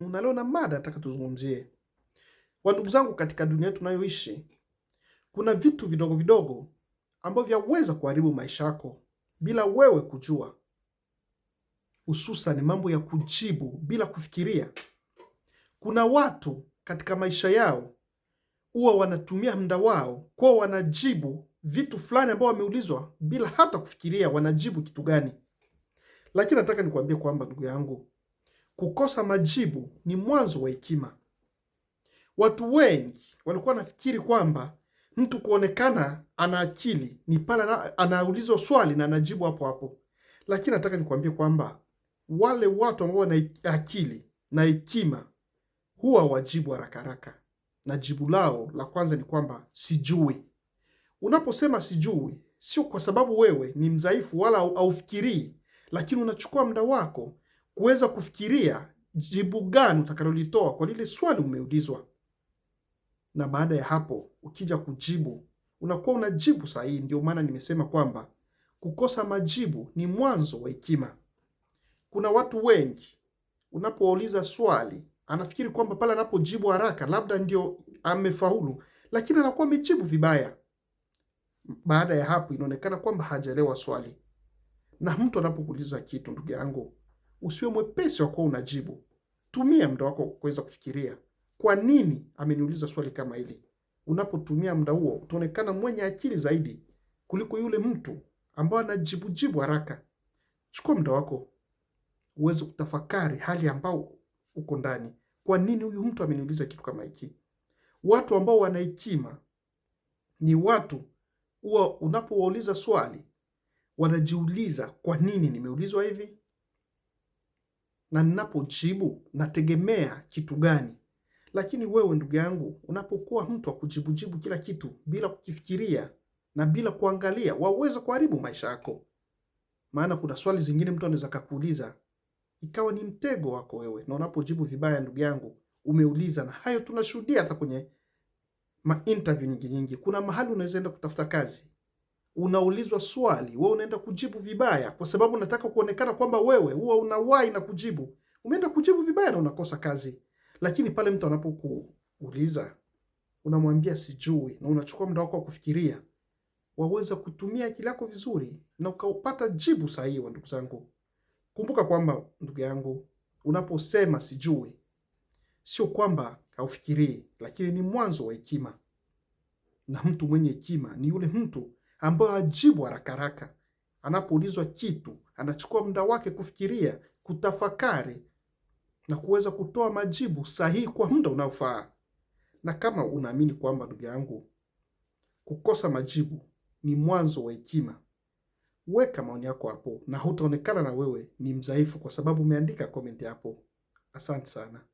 Na leo na mada nataka tuzungumzie, Kwa ndugu zangu, katika dunia tunayoishi kuna vitu vidogo vidogo ambavyo vyaweza kuharibu maisha yako bila wewe kujua, hususan mambo ya kujibu bila kufikiria. Kuna watu katika maisha yao huwa wanatumia muda wao kwa wanajibu vitu fulani ambao wameulizwa bila hata kufikiria wanajibu kitu gani, lakini nataka nikwambie kwamba ndugu yangu kukosa majibu ni mwanzo wa hekima. Watu wengi walikuwa wanafikiri kwamba mtu kuonekana ana akili ni pale anaulizwa swali na anajibu hapo hapo, lakini nataka nikuambie kwamba wale watu ambao wana akili na hekima huwa wajibu haraka haraka, na jibu lao la kwanza ni kwamba sijui. Unaposema sijui, sio kwa sababu wewe ni mdhaifu wala haufikirii, lakini unachukua muda wako kuweza kufikiria jibu gani utakalolitoa kwa lile swali umeulizwa, na baada ya hapo ukija kujibu unakuwa unajibu sahihi. Ndio maana nimesema kwamba kukosa majibu ni mwanzo wa hekima. Kuna watu wengi unapouliza swali anafikiri kwamba pale anapojibu haraka labda ndio amefaulu, lakini anakuwa amejibu vibaya. Baada ya hapo inaonekana kwamba hajaelewa swali. Na mtu anapokuuliza kitu, ndugu yangu, usiwe mwepesi wa kuwa unajibu. Tumia muda wako kuweza kufikiria, kwa nini ameniuliza swali kama hili? Unapotumia muda huo utaonekana mwenye akili zaidi kuliko yule mtu ambaye anajibujibu haraka. Chukua muda wako uweze kutafakari hali ambao uko ndani. Kwa nini huyu mtu ameniuliza kitu kama hiki? Watu ambao wana hekima ni watu huwa unapowauliza swali wanajiuliza, kwa nini nimeulizwa hivi? na ninapojibu nategemea kitu gani. Lakini wewe ndugu yangu, unapokuwa mtu wa kujibujibu kila kitu bila kukifikiria na bila kuangalia, waweza kuharibu maisha yako. Maana kuna swali zingine mtu anaweza kakuuliza ikawa ni mtego wako wewe, na unapojibu vibaya, ndugu yangu, umeuliza. Na hayo tunashuhudia hata kwenye ma interview nyingi nyingi. Kuna mahali unaweza enda kutafuta kazi, unaulizwa swali, wewe unaenda kujibu vibaya kwa sababu unataka kuonekana kwamba wewe huwa unawahi na kujibu. Umeenda kujibu vibaya na unakosa kazi. Lakini pale mtu anapokuuliza unamwambia sijui, na unachukua muda wako wa kufikiria, waweza kutumia akili yako vizuri na ukapata jibu sahihi. Wa Ndugu zangu, kumbuka kwamba, ndugu yangu, unaposema sijui, sio kwamba haufikirii, lakini ni mwanzo wa hekima, na mtu mwenye hekima ni yule mtu ambayo ajibu haraka haraka. Anapoulizwa kitu, anachukua muda wake kufikiria, kutafakari na kuweza kutoa majibu sahihi kwa muda unaofaa. Na kama unaamini kwamba, ndugu yangu, kukosa majibu ni mwanzo wa hekima, weka maoni yako hapo, na hutaonekana na wewe ni mdhaifu, kwa sababu umeandika komenti hapo. Asante sana.